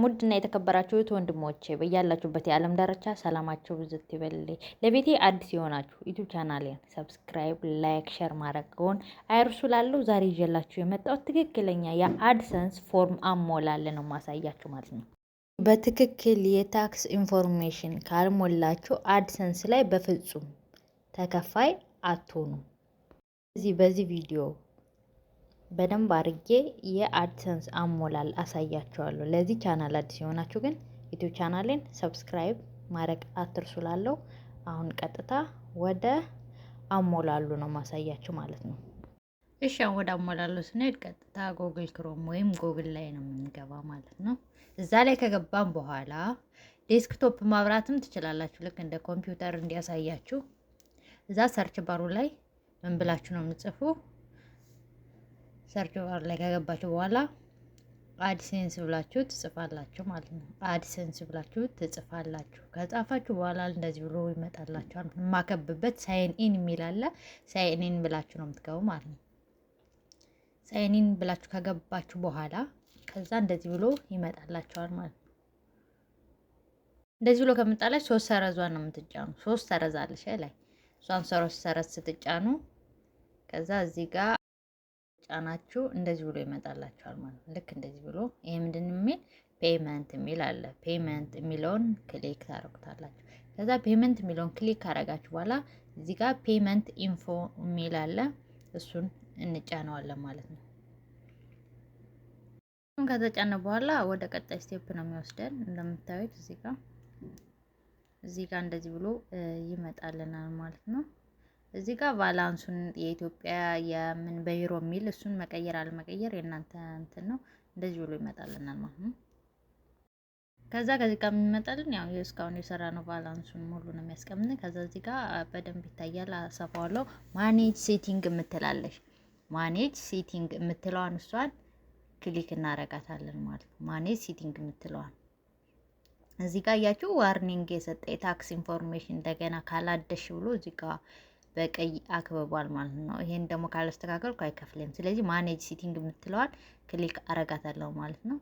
ሙድ እና የተከበራችሁት ወንድሞቼ በያላችሁበት የዓለም ዳርቻ ሰላማችሁ ብዝት ይበል። ለቤቴ አዲስ የሆናችሁ ዩቱብ ቻናሌን ሰብስክራይብ፣ ላይክ፣ ሸር ማድረግዎን አይርሱ። ላለው ዛሬ ይዤላችሁ የመጣሁት ትክክለኛ የአድሰንስ ፎርም አሞላል ነው ማሳያችሁ ማለት ነው። በትክክል የታክስ ኢንፎርሜሽን ካልሞላችሁ አድሰንስ ላይ በፍጹም ተከፋይ አትሆኑም። እዚህ በዚህ ቪዲዮ በደንብ አርጌ የአድሰንስ አሞላል አሳያችኋለሁ። ለዚህ ቻናል አዲስ የሆናችሁ ግን ዩቲዩብ ቻናሌን ሰብስክራይብ ማድረግ አትርሱ። ላለው አሁን ቀጥታ ወደ አሞላሉ ነው ማሳያችሁ ማለት ነው። እሺ አሁን ወደ አሞላሉ ስንሄድ ቀጥታ ጎግል ክሮም ወይም ጎግል ላይ ነው የምንገባ ማለት ነው። እዛ ላይ ከገባም በኋላ ዴስክቶፕ ማብራትም ትችላላችሁ፣ ልክ እንደ ኮምፒውተር እንዲያሳያችሁ። እዛ ሰርች ባሩ ላይ ምን ብላችሁ ነው የምጽፉ ሰርች ባር ላይ ከገባችሁ በኋላ አድሴንስ ብላችሁ ትጽፋላችሁ ማለት ነው። አድሴንስ ብላችሁ ትጽፋላችሁ። ከጻፋችሁ በኋላ እንደዚህ ብሎ ይመጣላችኋል። የማከብበት ሳይን ኢን የሚል አለ። ሳይን ኢን ብላችሁ ነው የምትገቡ ማለት ነው። ሳይን ኢን ብላችሁ ከገባችሁ በኋላ ከዛ እንደዚህ ብሎ ይመጣላችኋል ማለት ነው። እንደዚህ ብሎ ከመጣላችሁ ሶስት ሰረዟን ነው የምትጫኑ። ሶስት ሰረዝ አለሽ ላይ እሷን ሰረዝ ስትጫኑ ከዛ እዚህ ጋር ጫናችሁ እንደዚህ ብሎ ይመጣላችኋል ማለት ነው። ልክ እንደዚህ ብሎ ይህ ምንድን የሚል ፔመንት የሚል አለ። ፔመንት የሚለውን ክሊክ ታደርጉታላችሁ። ከዛ ፔመንት የሚለውን ክሊክ ካደረጋችሁ በኋላ እዚህ ጋር ፔመንት ኢንፎ የሚል አለ። እሱን እንጫነዋለን ማለት ነው። ከተጫነ በኋላ ወደ ቀጣይ ስቴፕ ነው የሚወስደን። እንደምታዩት እዚህ ጋር እዚህ ጋር እንደዚህ ብሎ ይመጣልናል ማለት ነው። እዚህ ጋር ቫላንሱን የኢትዮጵያ የምን በዩሮ የሚል እሱን መቀየር አለመቀየር የእናንተ እንትን ነው። እንደዚህ ብሎ ይመጣልናል ማለት ነው። ከዛ ከዚህ ጋር የሚመጣልን ያው እስካሁን የሰራ ነው። ቫላንሱን ሙሉ ነው የሚያስቀምጥ። ከዛ እዚህ ጋር በደንብ ይታያል። አሰፋዋለሁ። ማኔጅ ሴቲንግ የምትላለች ማኔጅ ሴቲንግ የምትለዋን እሷን ክሊክ እናረጋታለን ማለት ነው። ማኔጅ ሴቲንግ የምትለዋን እዚህ ጋር እያችሁ ዋርኒንግ የሰጠ የታክስ ኢንፎርሜሽን እንደገና ካላደሽ ብሎ እዚህ ጋር በቀይ አክብቧል ማለት ነው። ይሄን ደግሞ ካላስተካከልኩ አይከፍልም። ስለዚህ ማኔጅ ሲቲንግ የምትለዋል ክሊክ አረጋታለሁ ማለት ነው።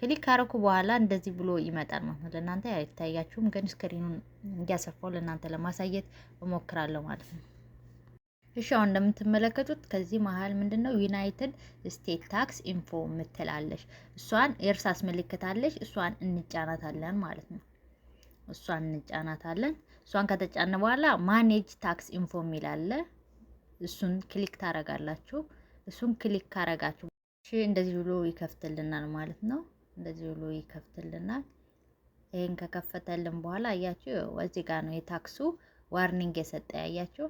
ክሊክ ካረኩ በኋላ እንደዚህ ብሎ ይመጣል ማለት ነው። ለእናንተ አይታያችሁም፣ ግን ስክሪኑን እንዲያሰፋው ለእናንተ ለማሳየት እሞክራለሁ ማለት ነው። እሺ አሁን እንደምትመለከቱት ከዚህ መሀል ምንድን ነው ዩናይትድ ስቴት ታክስ ኢንፎ የምትላለች እሷን የእርሳስ ምልክታለች። እሷን እንጫናታለን ማለት ነው። እሷን እንጫናታለን። እሷን ከተጫነ በኋላ ማኔጅ ታክስ ኢንፎ የሚል አለ። እሱን ክሊክ ታረጋላችሁ። እሱን ክሊክ ካረጋችሁ እንደዚህ ብሎ ይከፍትልናል ማለት ነው። እንደዚህ ብሎ ይከፍትልናል። ይህን ከከፈተልን በኋላ አያችሁ፣ እዚህ ጋር ነው የታክሱ ዋርኒንግ የሰጠ ያያችሁ።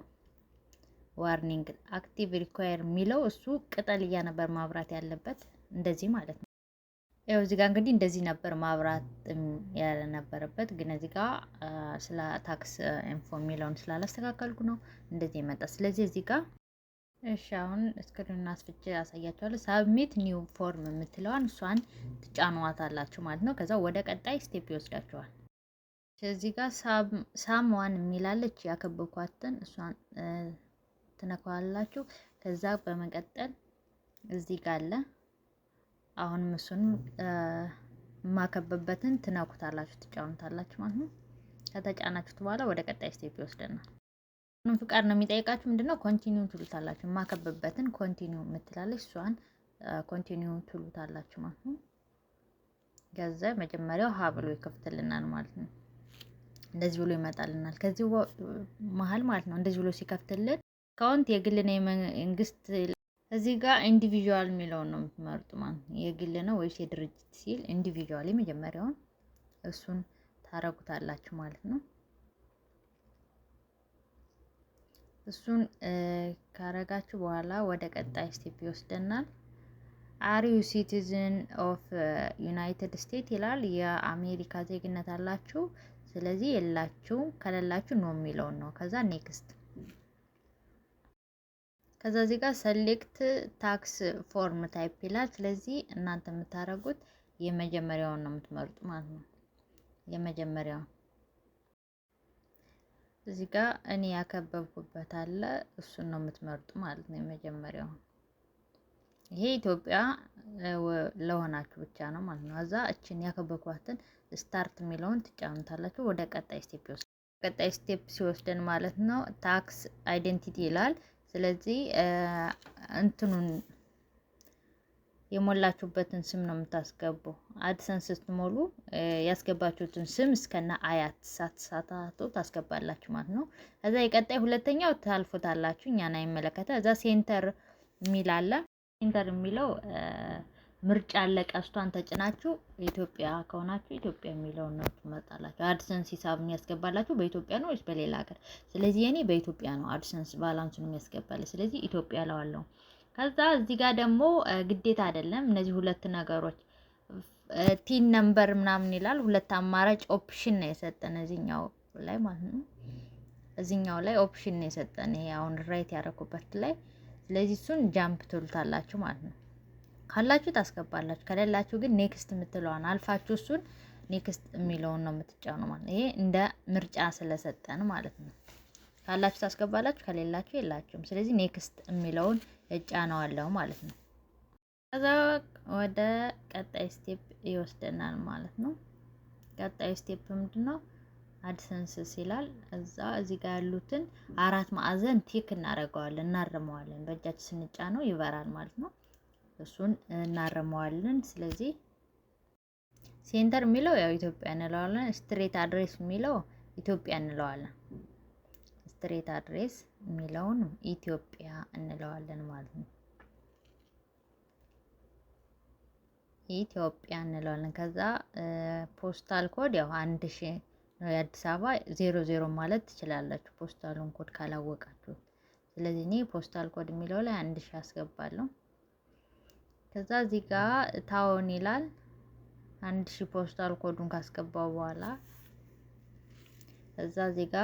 ዋርኒንግ አክቲቭ ሪኳየር የሚለው እሱ ቅጠል እያነበር ማብራት ያለበት እንደዚህ ማለት ነው። ያው እዚህ ጋር እንግዲህ እንደዚህ ነበር ማብራት ያለነበረበት፣ ግን እዚህ ጋር ስለ ታክስ ኢንፎ የሚለውን ስላላስተካከልኩ ነው እንደዚህ የመጣ። ስለዚህ እዚህ ጋር እሺ፣ አሁን እስክሪኑን አስፍቼ ያሳያችኋለሁ። ሳብሚት ኒው ፎርም የምትለዋን እሷን ትጫንዋታላችሁ ማለት ነው። ከዛ ወደ ቀጣይ ስቴፕ ይወስዳችኋል። እዚህ ጋር ሳምዋን የሚላለች ያከበብኳትን እሷን ትነካዋላችሁ። ከዛ በመቀጠል እዚህ ጋር አለ አሁን ምሱን የማከብበትን ትነኩታላችሁ፣ ትጫኑታላችሁ ማለት ነው። ከተጫናችሁት በኋላ ወደ ቀጣይ ስቴፕ ይወስደናል። ምንም ፍቃድ ነው የሚጠይቃችሁ። ምንድነው ኮንቲኒው ትሉታላችሁ። ማከብበትን ኮንቲኒው የምትላለች እሷን ኮንቲኒው ትሉታላችሁ ማለት ነው። ገዘ መጀመሪያው ሀ ብሎ ይከፍትልናል ማለት ነው። እንደዚህ ብሎ ይመጣልናል። ከዚህ መሀል ማለት ነው እንደዚህ ብሎ ሲከፍትልን ከወንት የግልና የመንግስት እዚህ ጋር ኢንዲቪዥዋል የሚለውን ነው የምትመርጡ ማለት ነው። የግል ነው ወይስ የድርጅት ሲል ኢንዲቪዥዋል የመጀመሪያውን እሱን ታረጉታላችሁ ማለት ነው። እሱን ካረጋችሁ በኋላ ወደ ቀጣይ ስቴፕ ይወስደናል። አር ዩ ሲቲዝን ኦፍ ዩናይትድ ስቴትስ ይላል። የአሜሪካ ዜግነት አላችሁ? ስለዚህ የላችሁ። ከሌላችሁ ኖ የሚለውን ነው። ከዛ ኔክስት ከዛ እዚህ ጋር ሰሌክት ታክስ ፎርም ታይፕ ይላል። ስለዚህ እናንተ የምታደርጉት የመጀመሪያውን ነው የምትመርጡ ማለት ነው። የመጀመሪያውን እዚህ ጋር እኔ ያከበብኩበት አለ እሱን ነው የምትመርጡ ማለት ነው። የመጀመሪያውን ይሄ ኢትዮጵያ ለሆናችሁ ብቻ ነው ማለት ነው። እዛ እችን ያከበብኳትን ስታርት የሚለውን ትጫኑታላችሁ። ወደ ቀጣይ ስቴፕ ይወስደን ቀጣይ ስቴፕ ሲወስደን ማለት ነው ታክስ አይዴንቲቲ ይላል። ስለዚህ እንትኑን የሞላችሁበትን ስም ነው የምታስገቡ። አድሰን ስትሞሉ ያስገባችሁትን ስም እስከነ አያት ሳትሳታቱ ታስገባላችሁ ማለት ነው። ከዛ የቀጣይ ሁለተኛው ታልፎታላችሁ፣ እኛን አይመለከተ። እዛ ሴንተር የሚል አለ። ሴንተር የሚለው ምርጫ አለ። ቀስቷን ተጭናችሁ ኢትዮጵያ ከሆናችሁ ኢትዮጵያ የሚለውን ነው ትመጣላችሁ። አድሰንስ ሂሳብ የሚያስገባላችሁ በኢትዮጵያ ነው ወይስ በሌላ ሀገር? ስለዚህ እኔ በኢትዮጵያ ነው አድሰንስ ባላንሱን የሚያስገባል። ስለዚህ ኢትዮጵያ እለዋለሁ። ከዛ እዚህ ጋር ደግሞ ግዴታ አይደለም እነዚህ ሁለት ነገሮች ቲን ነምበር ምናምን ይላል። ሁለት አማራጭ ኦፕሽን ነው የሰጠን እዚኛው ላይ ማለት ነው። እዚኛው ላይ ኦፕሽን ነው የሰጠን ይሄ አሁን ራይት ያደረኩበት ላይ። ስለዚህ እሱን ጃምፕ ትሉታላችሁ ማለት ነው። ካላችሁ ታስገባላችሁ፣ ከሌላችሁ ግን ኔክስት የምትለዋን አልፋችሁ እሱን ኔክስት የሚለውን ነው የምትጫኑ ማለት ይሄ እንደ ምርጫ ስለሰጠን ማለት ነው። ካላችሁ ታስገባላችሁ፣ ከሌላችሁ የላችሁም። ስለዚህ ኔክስት የሚለውን እጫነዋለሁ ማለት ነው። ከዛ ወደ ቀጣይ ስቴፕ ይወስደናል ማለት ነው። ቀጣይ ስቴፕ ምንድን ነው? አድሰንስ ይላል። እዛ እዚህ ጋር ያሉትን አራት ማዕዘን ቲክ እናደርገዋለን፣ እናርመዋለን። በእጃችን ስንጫነው ይበራል ማለት ነው። እሱን እናረመዋለን። ስለዚህ ሴንተር የሚለው ያው ኢትዮጵያ እንለዋለን። ስትሬት አድሬስ የሚለው ኢትዮጵያ እንለዋለን። ስትሬት አድሬስ የሚለውን ኢትዮጵያ እንለዋለን ማለት ነው። ኢትዮጵያ እንለዋለን። ከዛ ፖስታል ኮድ ያው አንድ ሺ ነው የአዲስ አበባ ዜሮ ዜሮ ማለት ትችላላችሁ፣ ፖስታሉን ኮድ ካላወቃችሁ። ስለዚህ እኔ ፖስታል ኮድ የሚለው ላይ አንድ ሺ አስገባለሁ። ከዛ እዚህ ጋ ታወን ይላል። አንድ ሺ ፖስታል ኮዱን ካስገባው በኋላ እዛ እዚህ ጋ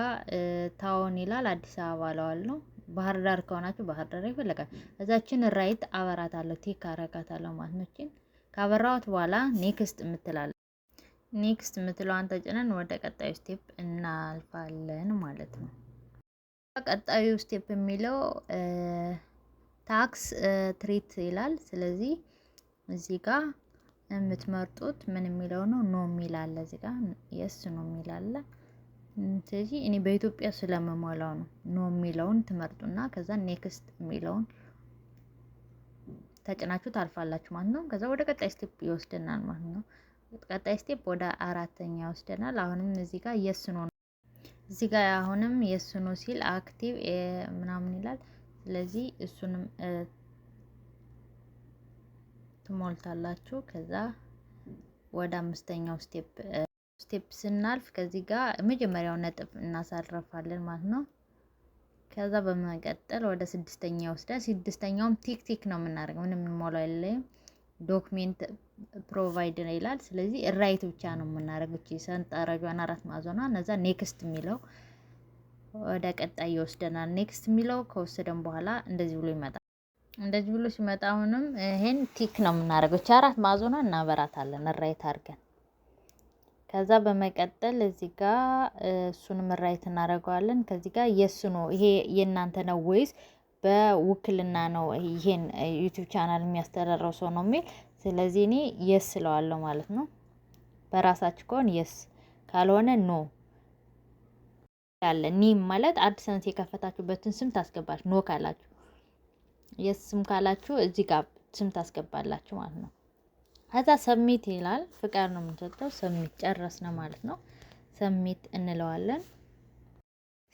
ታወን ይላል። አዲስ አበባ ለዋል ነው። ባህር ዳር ከሆናችሁ ባህር ዳር ይፈለጋል። እዛችን ራይት አበራታለሁ፣ ቲክ አረጋታለሁ ማለት ነው። እችን ካበራሁት በኋላ ኔክስት የምትላለች ኔክስት የምትለዋን ተጭነን ወደ ቀጣዩ ስቴፕ እናልፋለን ማለት ነው። ቀጣዩ ስቴፕ የሚለው ታክስ ትሪት ይላል። ስለዚህ እዚህ ጋር የምትመርጡት ምን የሚለው ነው? ኖ የሚል አለ፣ እዚህ ጋር የስ ኖ የሚል ስለዚህ እኔ በኢትዮጵያ ስለምሞላው ነው ኖ የሚለውን ትመርጡና ከዛ ኔክስት የሚለውን ተጭናችሁ ታልፋላችሁ ማለት ነው። ከዛ ወደ ቀጣይ ስቴፕ ይወስደናል ማለት ነው። ቀጣይ ስቴፕ ወደ አራተኛ ይወስደናል። አሁንም እዚህ ጋር የስኖ ኖ እዚህ ጋር አሁንም የስ ሲል አክቲቭ ምናምን ይላል። ስለዚህ እሱንም ትሞልታላችሁ። ከዛ ወደ አምስተኛው ስቴፕ ስቴፕ ስናልፍ ከዚህ ጋር መጀመሪያው ነጥብ እናሳርፋለን ማለት ነው። ከዛ በመቀጠል ወደ ስድስተኛ ይወስዳል። ስድስተኛውም ቲክ ቲክ ነው የምናደርገው። ምንም ሞላው የለም። ዶክሜንት ፕሮቫይድ ነው ይላል። ስለዚህ ራይት ብቻ ነው የምናደርገው። እቺ አራት ማዕዘኗ እነዛ ኔክስት የሚለው ወደ ቀጣይ ይወስደናል። ኔክስት የሚለው ከወሰደን በኋላ እንደዚህ ብሎ ይመጣል። እንደዚህ ብሎ ሲመጣ አሁንም ይሄን ቲክ ነው የምናደርገው። ቻ አራት ማዕዘኗ እናበራታለን ራይት አድርገን ከዛ በመቀጠል እዚህ ጋር እሱንም ራይት እናደርገዋለን። ከዚህ ጋር የእሱ ነው ይሄ የእናንተ ነው ወይስ በውክልና ነው ይሄን ዩቱብ ቻናል የሚያስተዳድረው ሰው ነው የሚል ስለዚህ እኔ የስ ስለዋለው ማለት ነው። በራሳችሁ ከሆን የስ ካልሆነ ኖ ያለ ኒም ማለት አድሰንስ የከፈታችሁበትን ስም ታስገባችሁ። ኖ ካላችሁ የስ ስም ካላችሁ እዚህ ጋር ስም ታስገባላችሁ ማለት ነው። ከዛ ሰሚት ይላል ፍቃድ ነው የምንሰጠው። ሰሚት ጨረስነ ማለት ነው። ሰሚት እንለዋለን።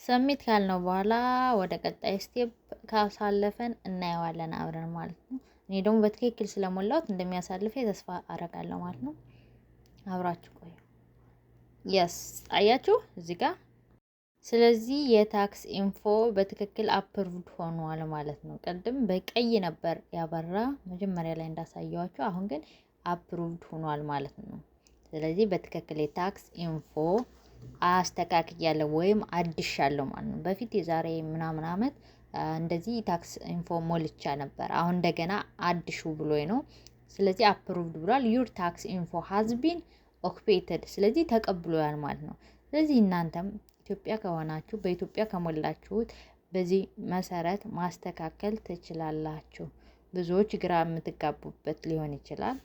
ሰሚት ካልነው በኋላ ወደ ቀጣይ ስቴፕ ካሳለፈን እናየዋለን አብረን ማለት ነው። እኔ ደግሞ በትክክል ስለሞላሁት እንደሚያሳልፈ ተስፋ አረጋለሁ ማለት ነው። አብራችሁ ቆዩ። የስ አያችሁ እዚህ ጋር ስለዚህ የታክስ ኢንፎ በትክክል አፕሩቭድ ሆኗል ማለት ነው። ቅድም በቀይ ነበር ያበራ መጀመሪያ ላይ እንዳሳየዋቸው፣ አሁን ግን አፕሩቭድ ሆኗል ማለት ነው። ስለዚህ በትክክል የታክስ ኢንፎ አስተካክያለሁ ወይም አድሻለሁ ማለት ነው። በፊት የዛሬ ምናምን ዓመት እንደዚህ ታክስ ኢንፎ ሞልቻ ነበር። አሁን እንደገና አድሹ ብሎ ነው። ስለዚህ አፕሩቭድ ብሏል። ዩር ታክስ ኢንፎ ቢን ኦክፔትድ ስለዚህ ተቀብሎያል ማለት ነው። ስለዚህ እናንተም ኢትዮጵያ ከሆናችሁ በኢትዮጵያ ከሞላችሁት በዚህ መሰረት ማስተካከል ትችላላችሁ። ብዙዎች ግራ የምትጋቡበት ሊሆን ይችላል።